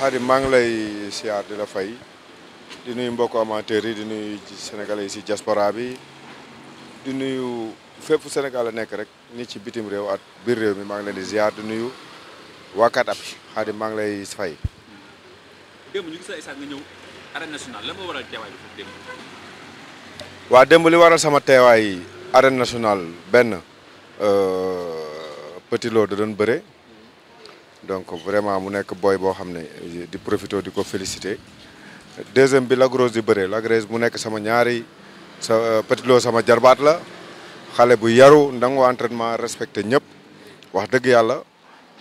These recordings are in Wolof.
xarit maa ngi lay siyaar di la fay di nuyu mbokku amateurs yi di nuyu ci yi si bi di nuyu fépp Sénégal la nekk rek ñi ci bitim réew at biir réew mi maa ngi leen di siyaar di nuyu waakaat ab xarit lay fay. la nga ñëw arène waa démb li waral sama teewaay arène nationale benn euh, Petit da doon bëre. donc vraiment mu nekk booy boo xam ne di profité di ko félicité deuxième bi Lac Rose di bëree Lac mu nekk sama ñaari sa euh, Petit sama jarbaat la xale bu yaru ndangu entraînement respecté ñëpp wax dëgg yàlla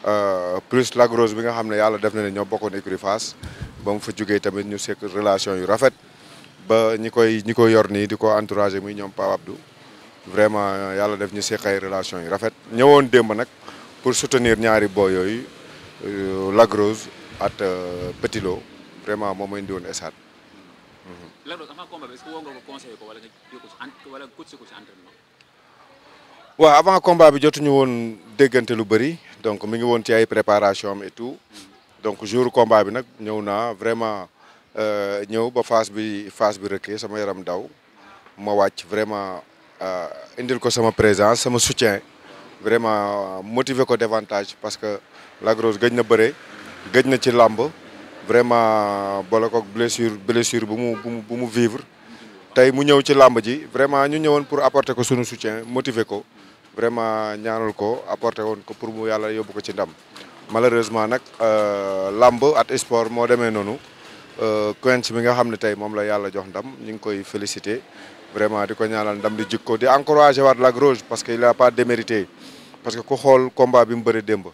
euh, plus Lac Rose bi nga xam ne yàlla def na ne ñoo bokkoon écurie Fass ba mu fa jógee tamit ñu sekk relation yu rafet ba ñi koy ñi ko yor nii di ko entouragé muy ñoom Pape vraiment yàlla def ñu sekk ay relation yu rafet ñëwoon démb nag pour soutenir ñaari booy yooyu Euh, Lac Rose at euh, Petit vraiment moom mooy indi woon esaat. Mhm. Lac Rose avant combat bi jotuñu woon déggante lu bëri donc mi ngi woon ci ay préparation am mhm. donc jour combat bi nag ñëw naa vraiment euh, ñëw ba phase bi phase bi rëkkee sama yaram daw ma wàcc vraiment indil ko sama présence sama soutien vraiment motiver ko davantage parce que. Lac Rose gëj na bëre gëj na ci làmb vraiment boole koog blessure blessure bu mu bu mu vivre tey mu ñëw ci làmb ji vraiment ñu ñëwoon pour apporter ko sunu soutien motiver ko vraiment ñaanal ko apporter woon ko pour mu yàlla yóbbu ko ci ndam malheureusement nag euh, làmb at sport moo demee noonu euh, Quench bi nga xam ne tey moom la yàlla jox ndam ñu ngi koy féliciter vraiment di ko ñaanal ndam di jikko di encourager waat Lac Rose parce que il a pas démérité parce que ku xool combat bi mu bëri démb.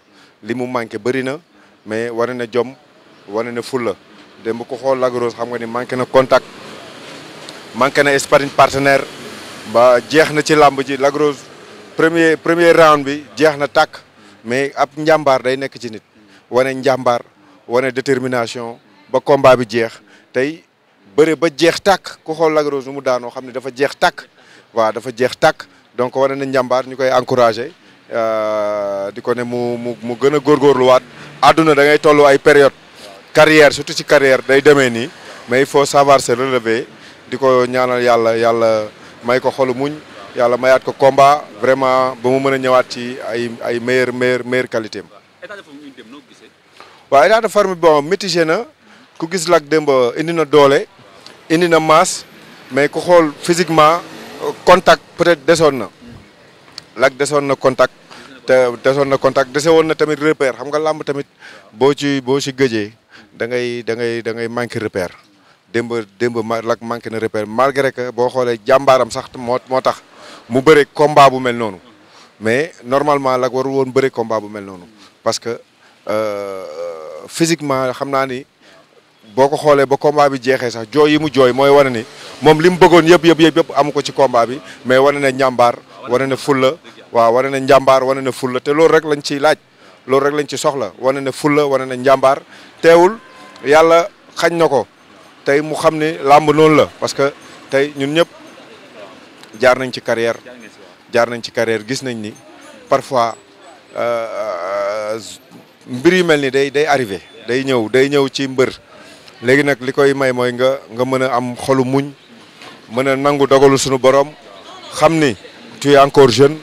li mu manqué bëri na mais wane na jom wane na fulla demb ko xool Lac xam nga ni manqué na contact manqué na sparring partenaire ba jeex na ci làmb ji lagros premier premier round bi jeex na tàkk mais ab njàmbaar day nekk ci nit wane njàmbaar wane détermination ba combat bi jeex tey bëre ba jeex tàkk ku xool lagros Rose nu mu daanoo xam ne dafa jeex tàkk waaw dafa jeex tàkk donc wane na njàmbaar ñu koy encouragé di ko ne mu mu mu gën a góorgóorluwaat àdduna da ngay toll ay période carrière surtout ci carrière day demee nii mais il faut savoir se relever di ko ñaanal yàlla yàlla may ko xolu muñ yàlla mayaat ko combat vraiment ba mu mën a ñëwaat ci ay ay meilleure meilleure meilleure qualité am waaw état de forme bon mitigé na ku gis Lac démb indi na doole indi na masse mais ku xool physiquement contact peut-être desoon na Lac desone na contact te desoon na contact dese woon na tamit repère xam nga làmb tamit boo ci boo ci gëjee da ngay da ngay da ngay manqué repère démb démb ma lak manqué na repère malgré que boo xoolee jàmbaram sax moo moo tax mu bëre combat bu mel noonu mais normalement lak warul woon bëre combat bu mel noonu parce que euh, physiquement xam naa ni boo ko xoolee ba combat bi jeexee sax jooy yi mu jooy mooy wane ni moom li mu bëggoon yëpp yëpp yëpp amu ko ci combat bi mais wane ne ñàmbaar wane ne fulla waaw wane na njàmbaar wane na la te loolu rek lañ ciy laaj loolu rek lañ ci soxla wane na la wane na njàmbaar teewul yàlla xañ na ko tey mu xam ne làmb noonu la parce que tey ñun ñëpp jaar nañ ci carrière jaar nañ ci carrière gis nañ ni parfois euh, euh, mbir yu mel ni day day arrivé day ñëw day ñëw ci mbër léegi nag li koy may mooy nga nga mën a am xolu muñ mën a nangu dogalu suñu borom xam ni tu encore jeune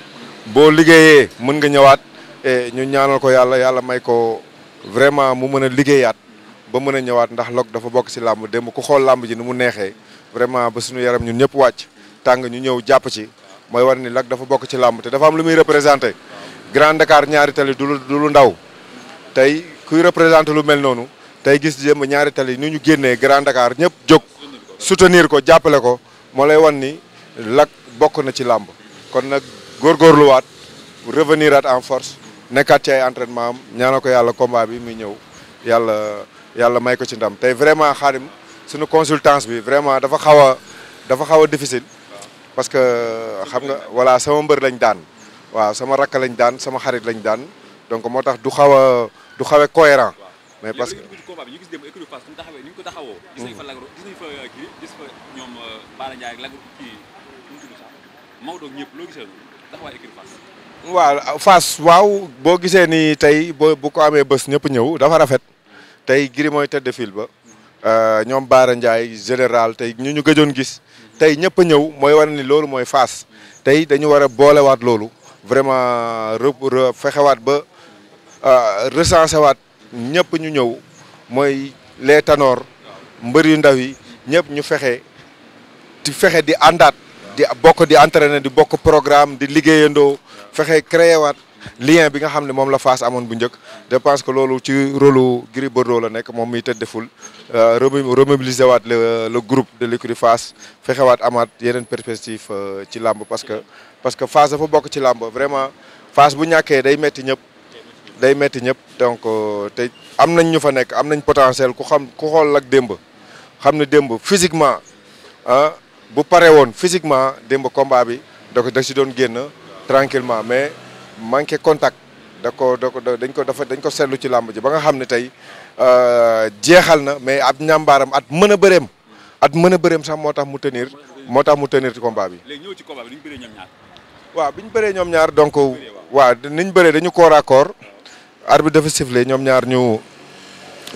boo liggéeyee mën nga ñëwaat e, ñu ñaanal ko yàlla yàlla may ko vraiment mu mën a liggéeyaat ba mën a ñëwaat ndax Log dafa bokk ci làmb demb ku xool làmb ji ni mu neexee vraiment ba suñu yaram ñun ñëpp wàcc tàng ñu ñëw jàpp ci mooy war ni Log dafa bokk ci làmb te dafa am lu muy représenté Grand Dakar ñaari tali du lu ndaw tey kuy représenté lu mel noonu tey gis jéem ñaari tali nu ñu génnee Grand Dakar ñëpp jóg soutenir ko jàppale ko moo lay wan ni Log bokk na ci làmb góorgóorluwaat revenir at en force nekkaat ci ay am ñaanal ko yàlla combat bi muy ñëw yàlla yàlla may ko ci ndam tey vraiment xaadim suñu consultance bi vraiment dafa xaw a dafa xaw a difficile parce que xam nga wala sama mbër lañ daan waaw sama rakk lañ daan sama xarit lañ daan donc moo tax du xaw a du xaw a cohérent mais parce que combat Maodo ak ñëpp loo waa équipe waaw boo gisee ni tey boo bu ko amee bés ñëpp ñëw dafa rafet tey Gris mooy tête de file ba euh, ñoom Baara Ndiaye général tey ñu ñu gëjoon gis tey ñëpp ñëw mooy wane ni loolu mooy Fass tey dañu war a boolewaat loolu vraiment re fexewaat ba euh, recensé waat ñëpp ñu ñëw mooy les tanoor mbër yu ndaw yi ñëpp ñu fexe di fexe di àndaat. di bokk di entraîner di bokk programme di liggéeyandoo fexe créé waat lien bi nga xam ne moom la Fass amoon bu njëkk je pense que loolu ci rôle Gris Bordeaux la nekk moom miy tëddeful euh, remobiliser waat le euh, le groupe de l'écurie Fass fexe waat amaat yeneen perspective euh, ci làmb parce que parce que Fass dafa bokk ci làmb vraiment Fass bu ñàkkee day metti ñëpp day metti ñëpp donc te am nañ ñu fa nekk am nañ potentiel ku xam ku xool ak démb xam ne démb physiquement bu pare woon physiquement démb combat bi da ko da si doon génn tranquillement mais manqué contact da ko da ko dañ ko dafa dañ ko seetlu ci làmb ji ba nga xam ne tey euh, jeexal na mais ab ñàmbaaram at mën a bëreem at mën a bëreem sax moo tax mu tenir moo tax mu tenir ci combat bi. léegi ñëw ci combat bëree ñoom ñaar. waaw bi ñu bëree ñoom ñaar donc waaw ni ñu dañu corps à corps arbitre dafa sifflé ñoom ñaar ñu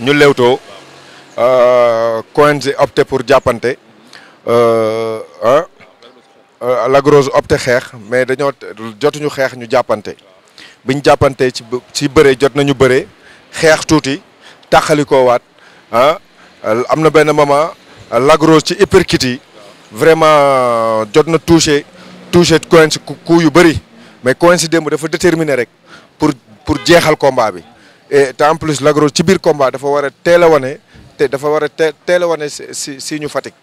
ñu lewtoo euh, coin opté pour jàppante. ah Lac Rose opté xeex mais dañoo jotuñu xeex ñu jàppante biñ jàppante ci ci bëre jot nañu bëre xeex tuuti taxalikoo waat ah am na benn moment Lac ci uppercut yi vraiment jot na touché touché Quench coup yu bëri mais Quench démb dafa déterminé rek pour pour jeexal combat bi et te en plus Lac ci biir combat dafa war a teel a wane te dafa war a teel a wane si si ñu Fatick.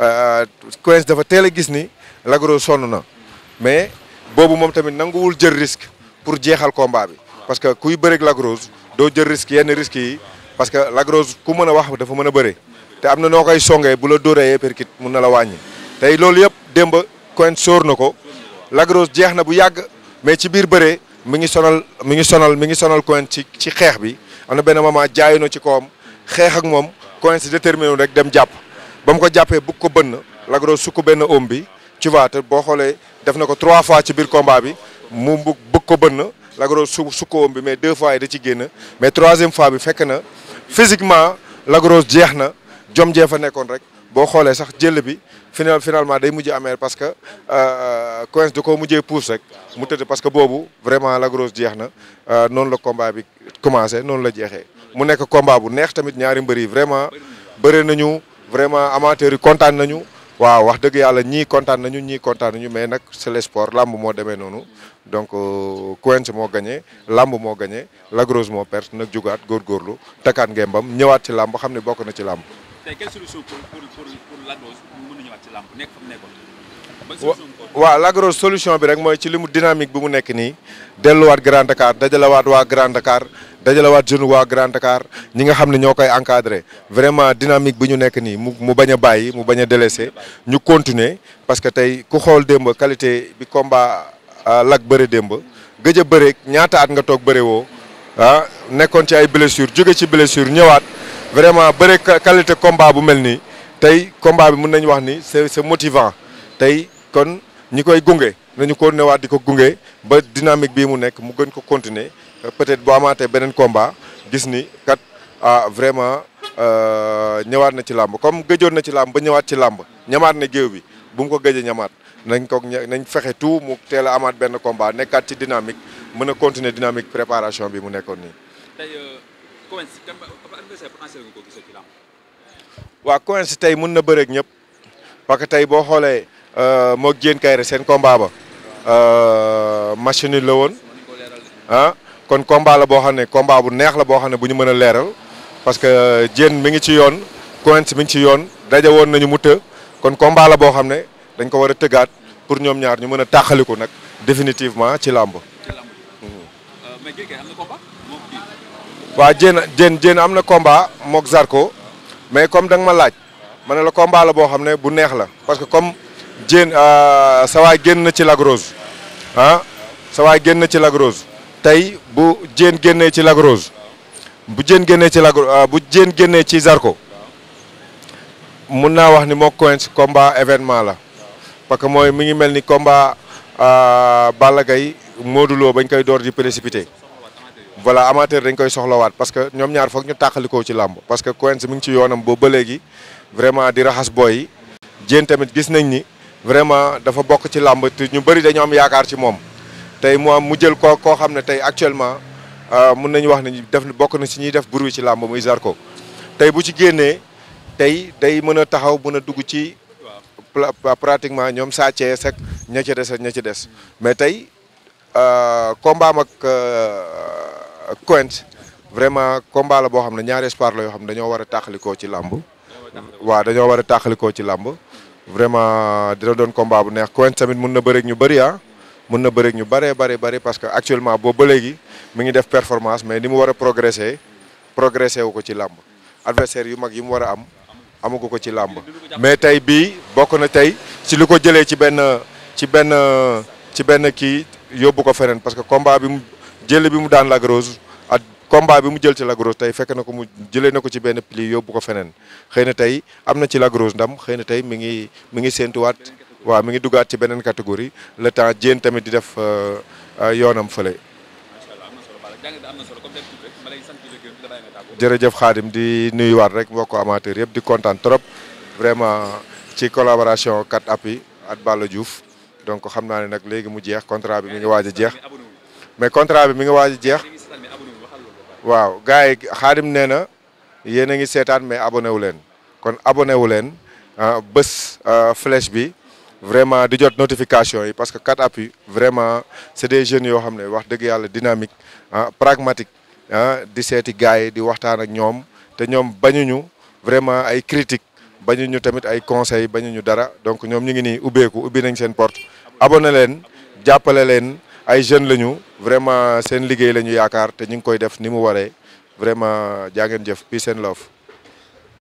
Euh, Quench dafa teel a gis ni Lac sonn na mais boobu moom tamit nanguwul jël risque pour jeexal combat bi parce que kuy bëreeg lagros doo jël risque yenn risques yi parce que lagros ku mën a wax dafa mën a bëre te am na noo koy songee bu la dóoree uppercut mun na la wàññi tey loolu yëpp démb Quench sóor na ko lagros jeex na bu yàgg mais ci biir bëree mi ngi sonal mi ngi sonal mi ngi sonal Quench ci ci xeex bi am na benn moment jaayu na ci kawam xeex ak moom Quench déterminé rek dem jàpp. ba mu ko jàppee bugg ko bënn Lac Rose sukk benn om bi tu boo xoolee def na ko trois fois ci biir combat bi mu bugg ko bënn Lac Rose su sukk om bi mais deux fois yi da ci génn mais troisième fois bi fekk na physiquement Lac jeex na jom jee fa nekkoon rek boo xoolee sax jël bi final finalement day mujj amee parce que euh, euh, coince da ko mujjee pousse rek mu tëdd parce que boobu vraiment Lac jeex na euh, noonu la combat bi commencé noonu la jeexee mu nekk combat bu neex tamit ñaari mbër yi vraiment bëri nañu vraiment amateurs yi kontaan nañu waaw wax dëgg yàlla ñii kontaan nañu ñii kontaan nañu mais nag c'est le sport làmb moo demee noonu donc euh, Quench moo gagné làmb moo gañe Lagrosse moo perte nag jugaat góorgóorlu takkaat ngembam ñëwaat ci làmb xam ne bokk na ci làmb. tey làmb waa Lagros solution bi rek mooy ci limu mu dynamique bi mu nekk nii delluwaat Grand Dakar dajalawaat waa Grand Dakar dajalawaat jeune waa Grand Dakar ñi nga xam ne ñoo koy encadré vraiment dynamique bi ñu nekk nii mu mu bañ a bàyyi mu bañ a délaissé ñu continuer parce que tey ku xool démb qualité bi combat euh, lag bëre démb gëj a bëre ñaata at nga toog bëre woo ah nekkoon ci ay blessure jóge ci blessure ñëwaat vraiment bëre qualité combat bu mel nii tey combat bi mun nañu wax ni c'est c'est motivant tey kon ñi koy gunge nañu ko newaat di ko gunge ba dynamique bii mu nekk mu gën ko continuer euh, peut-être bu amaatee beneen combat gis ni kat ah vraiment euh, ñëwaat na ci làmb comme gëjoon na ci làmb ba ñëwaat ci làmb ñamaat na géew bi bu mu ko gëj a ñamaat nañ ko nañ fexe tout mu teel a amaat benn combat nekkaat ci dynamique mën a continuer dynamique préparation bi mu nekkoon nii. tey euh, Coence kan waa Coence tey mën na bëreeg ñëpp parce que tey boo xoolee. Euh, moo Diène Kairé seen combat ba euh, machine yi la woon ah kon combat la boo xam ne combat bu neex la boo xam ne bu ñu mën a leeral parce que euh, Diène mi ngi ci yoon Quench mi ngi ci yoon daje woon nañu mu të kon combat la boo xam ne dañ ko war a tëggaat pour ñoom ñaar ñu mën a tàqaliku nag définitivement ci làmb. waa Diène Diène Diène am na combat mook Zarko mais comme da ma laaj ma ne la combat la boo xam ne bu neex la parce que comme. jéen euh, sa waay génn ci lagros ah sa génn ci lagros tey bu jéen génnee ci lagros bu jéen génnee ci lagro euh, bu jéen génnee ci zarko mun naa wax ni moo coince combat événement la parce que mooy mi ngi mel ni combat euh, Balla Gaye Modou Lo bañ koy door di précipité voilà amateur dañ koy soxlawaat parce que ñoom ñaar foog ñu tàqalikoo ci làmb parce que coince mi ngi ci yoonam boobu ba léegi vraiment di raxas booy yi jéen tamit gis nañ ni vraiment dafa bokk ci làmb te ñu bëri dañu am yaakaar ci moom tey mu mu jël ko koo xam ne tey actuellement euh, mun nañu wax ne def bokk na si ñuy def bruit ci làmb muy Zarko tey bu ci génnee tey day mën a taxaw mën a dugg ci pratiquement ñoom Sa Thiès ak ña ca des ak ña ca des mais tey euh, combat am ak euh, Quench vraiment combat la boo xam ne ñaari espoir la yoo xam ne dañoo war a ci làmb waaw dañoo war a tàqalikoo ci làmb vraiment dina doon combat bu neex Quench tamit mun na bëreek ñu bëri ah mun na bëreeg ñu bëree bëri bëri parce que actuellement boobu ba léegi mi ngi def performance mais ni mu war a progresser progresser wu ko ci làmb adversaire yu mag yi mu war a am amagu ko ci làmb mais tey bii bokk na tey si lu ko jëlee ci benn ci benn ci benn kii yóbbu ko feneen parce que combat bi mu jël bi mu daan Lac Rose ak combat bi mu jël ci Lagros tey fekk na ko mu jëlee na ko ci benn pli yóbbu ko feneen xëy na tey am na ci Lagros ndam xëy na tey mu ngi mi ngi séentuwaat waaw mi ngi duggaat ci beneen catégorie le temps jéen tamit di def euh, euh, yoonam fële. jërëjëf Khadim di nuyuwaat rek ko amateur yëpp di kontaan trop vraiment ci collaboration 4appuis ak Balla Diouf donc xam naa ne nag léegi mu jeex contrat bi mi ngi waaj jeex mais contrat bi mi ngi waaj jeex. waaw gars yi xaadim nee na yéen a ngi seetaan mais abonné wu leen kon abonné wu leen ah, bés ah, flèche bi vraiment di jot notification yi parce que 4appuis vraiment c'est des jeunes yoo xam ne wax dëgg yàlla dynamique ah pragmatique ah di seeti gars yi di waxtaan ak ñoom te ñoom bañuñu vraiment ay critique ñu tamit ay conseil conseils ñu dara donc ñoom ñu ngi nii ubbeeku ubbi nañ seen porte abonné leen jàppale ay jeunes lañu vraiment seen liggéey la ñu yaakaar te ñu ngi koy def ni mu waree vraiment jaa ngeen jëf peace and love